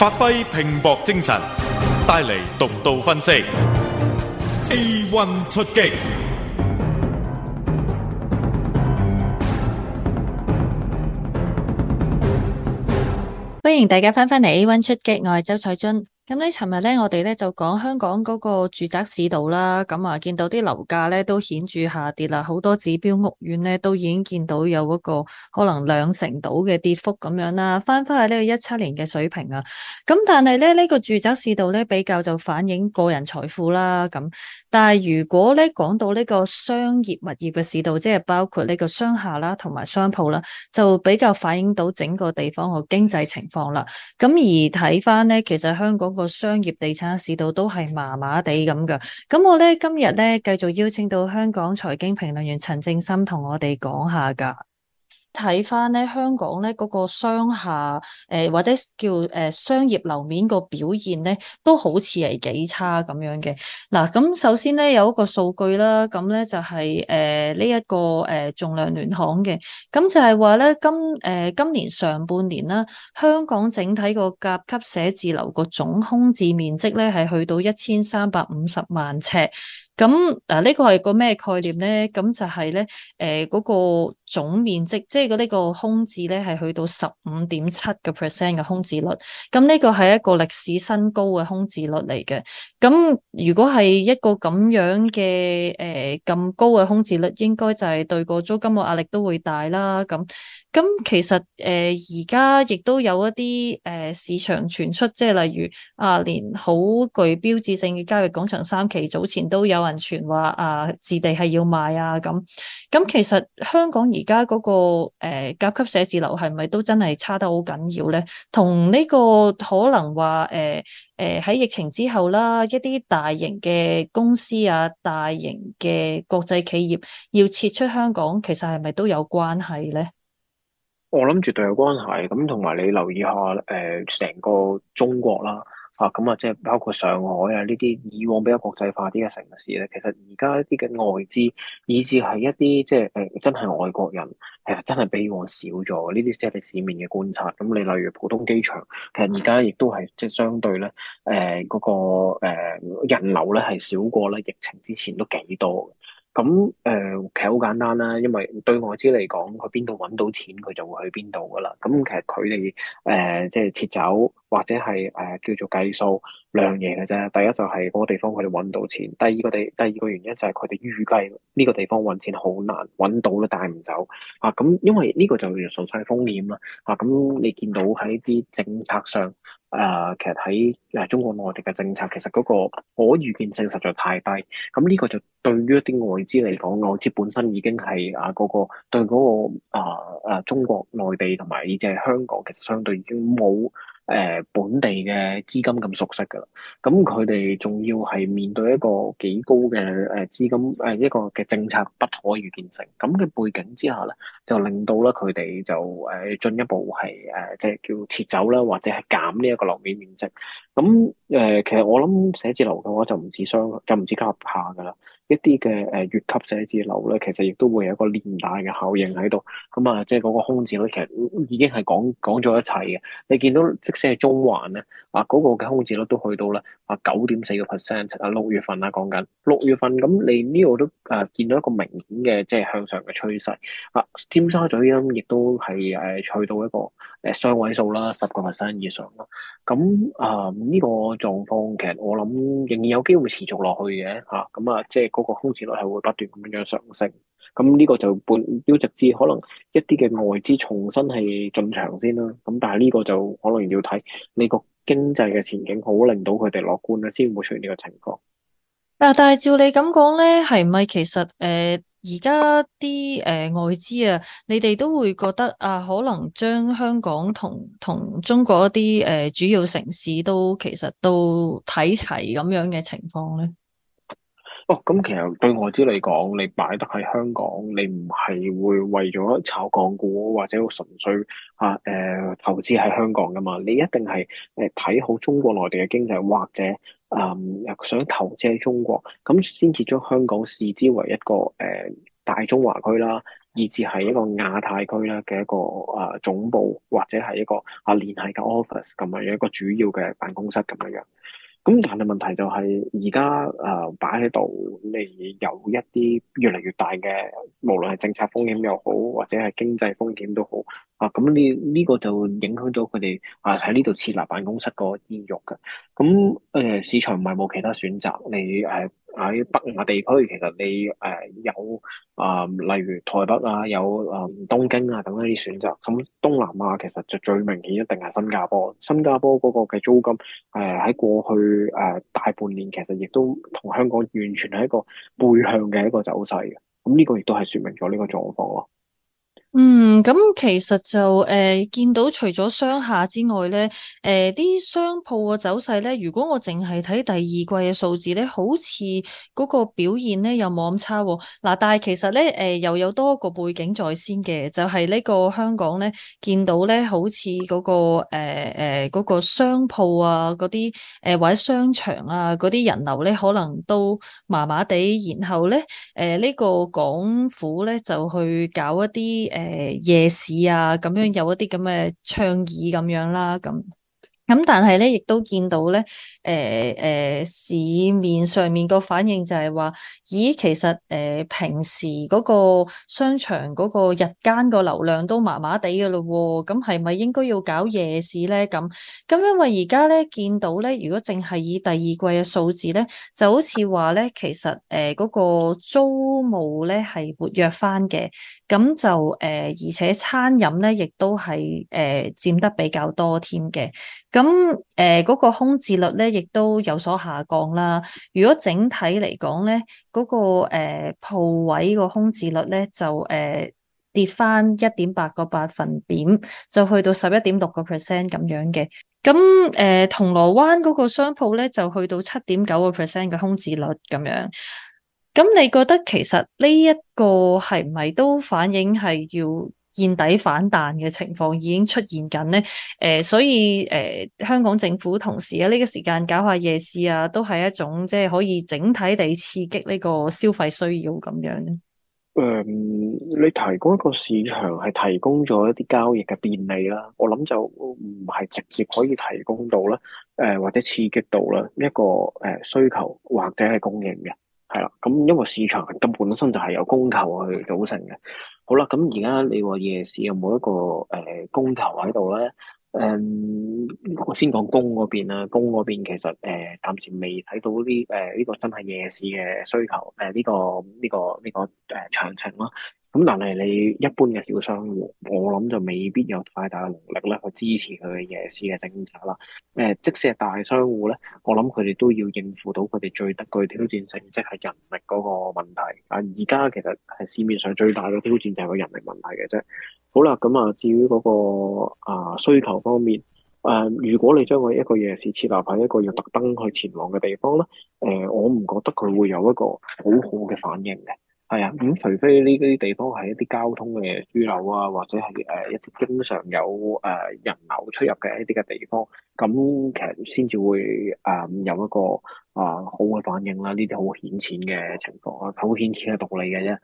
發揮拼搏精神，帶嚟獨到分析。A one 出擊，歡迎大家翻返嚟，A one 出擊，我係周彩俊。咁咧，尋日咧，我哋咧就講香港嗰個住宅市道啦，咁、嗯、啊，見到啲樓價咧都顯著下跌啦，好多指標屋苑咧都已經見到有嗰個可能兩成度嘅跌幅咁樣啦，翻翻去呢個一七年嘅水平啊。咁、嗯、但係咧，呢、呢個住宅市道咧比較就反映個人財富啦。咁、嗯、但係如果咧講到呢個商業物業嘅市道，即係包括呢個商廈啦同埋商鋪啦，就比較反映到整個地方嘅經濟情況啦。咁、嗯、而睇翻咧，其實香港，個商業地產市道都係麻麻地咁噶，咁我呢今日呢繼續邀請到香港財經評論員陳正心同我哋講下噶。睇翻咧香港咧嗰個商廈，誒、呃、或者叫誒、呃、商業樓面個表現咧都好似係幾差咁樣嘅嗱，咁首先咧有一個數據啦，咁咧就係誒呢一個誒、呃、仲量聯行嘅，咁就係話咧今誒、呃、今年上半年啦，香港整體個甲級寫字樓個總空置面積咧係去到一千三百五十萬尺。咁嗱，呢個係個咩概念咧？咁就係咧，誒、呃，那個總面積，即係嗰呢個空置咧，係去到十五點七個 percent 嘅空置率。咁呢個係一個歷史新高嘅空置率嚟嘅。咁如果係一個咁樣嘅誒咁高嘅空置率，應該就係對個租金嘅壓力都會大啦。咁咁其實誒而家亦都有一啲誒、呃、市場傳出，即係例如啊，連好具標誌性嘅交易廣場三期早前都有。人傳話啊，置地係要賣啊咁，咁其實香港而家嗰個誒、呃、甲級寫字樓係咪都真係差得好緊要咧？同呢個可能話誒誒喺疫情之後啦，一啲大型嘅公司啊，大型嘅國際企業要撤出香港，其實係咪都有關係咧？我諗絕對有關係，咁同埋你留意下誒，成、呃、個中國啦。啊，咁啊，即係包括上海啊呢啲以往比較國際化啲嘅城市咧，其實而家一啲嘅外資，以至係一啲即係誒真係外國人，其實真係比以往少咗。呢啲即係你市面嘅觀察。咁你例如普通機場，其實而家亦都係即係相對咧誒嗰個誒人流咧係少過咧疫情之前都幾多。咁誒、嗯，其實好簡單啦，因為對外資嚟講，去邊度搵到錢，佢就會去邊度噶啦。咁其實佢哋誒，即係撤走或者係誒、呃，叫做計數量嘢嘅啫。第一就係嗰個地方佢哋搵到錢，第二個地第二個原因就係佢哋預計呢個地方搵錢好難搵到都帶唔走啊。咁因為呢個就係純粹風險啦。啊，咁、啊啊嗯、你見到喺啲政策上，誒、呃，其實喺誒中國內地嘅政策，其實嗰個可預見性實在太低，咁呢個就對於一啲外資嚟講，外資本身已經係啊嗰個對、嗰個啊啊中國內地同埋以至係香港，其實相對已經冇，誒本地嘅資金咁熟悉㗎喇，咁佢哋仲要係面對一個幾高嘅誒資金誒一個嘅政策不可預見性，咁嘅背景之下咧，就令到咧佢哋就誒進一步係誒即係叫撤走啦，或者係減呢一個樓面面積。咁誒、呃，其實我諗寫字樓嘅話就唔止雙，就唔止合下噶啦。一啲嘅誒乙級寫字樓咧，其實亦都會有一個連帶嘅效應喺度。咁、嗯、啊，即係嗰個空置率其實已經係講講咗一齊嘅。你見到即使係中環咧，啊嗰、那個嘅空置率都去到啦，啊九點四個 percent 啊六月份啊講緊六月份咁，你呢度都啊見到一個明顯嘅即係向上嘅趨勢。啊，尖沙咀咁亦都係誒去到一個誒雙位數啦，十個 percent 以上咯。咁啊呢、這個狀況其實我諗仍然有機會持續落去嘅嚇。咁啊即係。嗯就是嗰個空置率係會不斷咁樣上升，咁呢個就本標直至可能一啲嘅外資重新係進場先啦。咁但係呢個就可能要睇你個經濟嘅前景，好令到佢哋樂觀啦，先會出現呢個情況。嗱，但係照你咁講咧，係咪其實誒而家啲誒外資啊，你哋都會覺得啊，可能將香港同同中國一啲誒、呃、主要城市都其實都睇齊咁樣嘅情況咧？哦，咁、嗯、其實對外資嚟講，你擺得喺香港，你唔係會為咗炒港股，或者純粹嚇誒、啊呃、投資喺香港噶嘛？你一定係誒睇好中國內地嘅經濟，或者誒、嗯、想投資喺中國，咁先至將香港視之為一個誒、呃、大中華區啦，以至係一個亞太區啦嘅一個啊總部，或者係一個啊聯繫嘅 office 咁樣，一個主要嘅辦公室咁樣樣。咁但係問題就係而家誒擺喺度，你有一啲越嚟越大嘅，無論係政策風險又好，或者係經濟風險都好啊。咁你呢、呢個就影響咗佢哋啊喺呢度設立辦公室個意欲嘅。咁誒、呃、市場唔係冇其他選擇，你誒。呃喺、啊、北亞地區，其實你誒有啊、呃，例如台北啊，有誒、嗯、東京啊，等等啲選擇。咁東南亞其實就最明顯，一定係新加坡。新加坡嗰個嘅租金誒喺、呃、過去誒、呃、大半年，其實亦都同香港完全係一個背向嘅一個走勢嘅。咁呢個亦都係說明咗呢個狀況咯。嗯，咁其實就誒、呃、見到除咗商廈之外咧，誒啲商鋪嘅走勢咧，如果我淨係睇第二季嘅數字咧，好似嗰個表現咧又冇咁差。哦。嗱、啊，但係其實咧，誒、呃、又有多個背景在先嘅，就係、是、呢個香港咧見到咧，好似嗰、那個誒誒、呃呃那個商鋪啊，嗰啲誒或者商場啊，嗰啲人流咧可能都麻麻地，然後咧誒呢、呃這個港府咧就去搞一啲誒。呃誒、呃、夜市啊，咁樣有一啲咁嘅倡議，咁樣啦，咁。咁但係咧，亦都見到咧，誒、呃、誒、呃，市面上面個反應就係話，咦，其實誒、呃、平時嗰個商場嗰個日間個流量都麻麻地嘅咯，咁係咪應該要搞夜市咧？咁咁因為而家咧見到咧，如果淨係以第二季嘅數字咧，就好似話咧，其實誒嗰、呃那個租務咧係活躍翻嘅，咁就誒、呃、而且餐飲咧亦都係誒、呃、佔得比較多添嘅。咁誒嗰個空置率咧，亦都有所下降啦。如果整體嚟講咧，嗰、那個誒鋪、那個、位個空置率咧，就誒、那個、跌翻一點八個百分點，就去到十一點六個 percent 咁樣嘅。咁誒銅鑼灣嗰個商鋪咧，就去到七點九個 percent 嘅空置率咁樣。咁你覺得其實呢一個係唔係都反映係要見底反彈嘅情況已經出現緊咧，誒、呃，所以誒、呃，香港政府同時喺呢個時間搞下夜市啊，都係一種即係可以整體地刺激呢個消費需要咁樣咧。誒、嗯，你提供一個市場係提供咗一啲交易嘅便利啦，我諗就唔係直接可以提供到啦，誒、呃、或者刺激到啦一個誒需求或者係供應嘅。係啦，咁、嗯、因為市場咁本身就係由供求去組成嘅。好啦，咁而家你話夜市有冇一個誒供、呃、求喺度咧？誒、嗯，我先講供嗰邊啊，供嗰邊其實誒、呃、暫時未睇到啲誒呢個真係夜市嘅需求誒呢、呃呢個呢、呢個呢、呢個誒詳情咯。呃咁但係你一般嘅小商戶，我諗就未必有太大嘅能力咧去支持佢嘅夜市嘅政策啦。誒、呃，即使係大商戶咧，我諗佢哋都要應付到佢哋最得佢挑戰性，即係人力嗰個問題。啊，而家其實係市面上最大嘅挑戰就係個人力問題嘅啫。好啦，咁、嗯、啊，至於嗰、那個啊、呃、需求方面，誒、呃，如果你將佢一個夜市設立喺一個要特登去前往嘅地方咧，誒、呃，我唔覺得佢會有一個好好嘅反應嘅。係啊，咁、嗯、除非呢啲地方係一啲交通嘅樞紐啊，或者係誒一啲經常有誒人流出入嘅一啲嘅地方，咁其實先至會誒、呃、有一個啊、呃、好嘅反應啦。呢啲好顯淺嘅情況啊，好顯淺嘅道理嘅啫。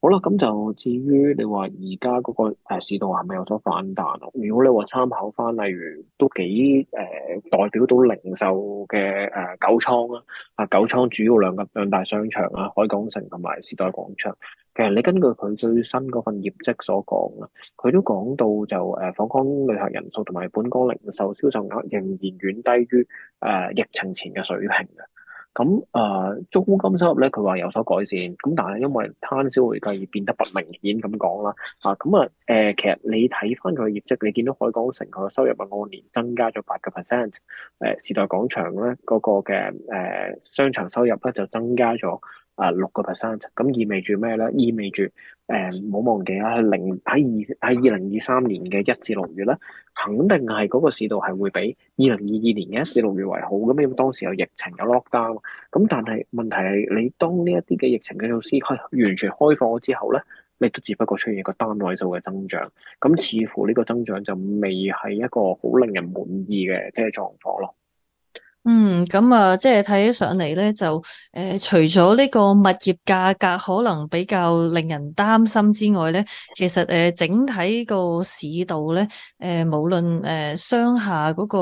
好啦，咁就至於你話而家嗰個市道係咪有所反彈啊？如果你話參考返，例如都幾誒、呃、代表到零售嘅誒、呃、九倉啊，啊九倉主要兩個兩大商場啊，海港城同埋時代廣場，其實你根據佢最新嗰份業績所講啊，佢都講到就誒訪港旅客人數同埋本港零售銷售額仍然遠低於誒、呃、疫情前嘅水平嘅。咁誒租金收入咧，佢話有所改善，咁但係因為攤銷會計而變得不明顯咁講啦。啊，咁啊誒，其實你睇翻佢嘅業績，你見到海港城佢個收入啊按年增加咗八個 percent，誒時代廣場咧嗰、那個嘅誒、呃、商場收入咧就增加咗。啊，六個 percent，咁意味住咩咧？意味住誒，唔好忘記啦，喺零喺二喺二零二三年嘅一至六月咧，肯定係嗰個市道係會比二零二二年嘅一至六月為好嘅咩？因為當時有疫情有 lockdown，咁但係問題係你當呢一啲嘅疫情嘅措施係完全開放咗之後咧，你都只不過出現一個單位數嘅增長，咁似乎呢個增長就未係一個好令人滿意嘅即係狀況咯。嗯，咁啊，即係睇起上嚟咧，就誒、呃、除咗呢個物業價格可能比較令人擔心之外咧，其實誒、呃、整體個市道咧，誒、呃、無論誒、呃、商廈嗰、那個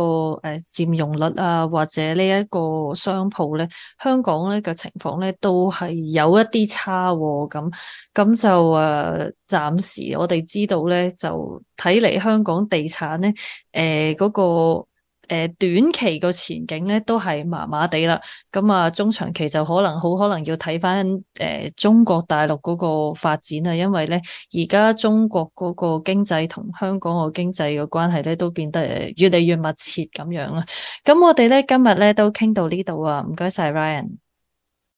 誒佔用率啊，或者呢一個商鋪咧，香港咧嘅情況咧都係有一啲差喎、哦。咁咁就誒暫、呃、時我哋知道咧，就睇嚟香港地產咧，誒、呃、嗰、這個。誒，短期個前景咧都係麻麻地啦，咁啊中長期就可能好可能要睇翻誒中國大陸嗰個發展啊，因為咧而家中國嗰個經濟同香港個經濟嘅關係咧都變得越嚟越密切咁樣啊。咁我哋咧今日咧都傾到呢度啊，唔該晒 Ryan。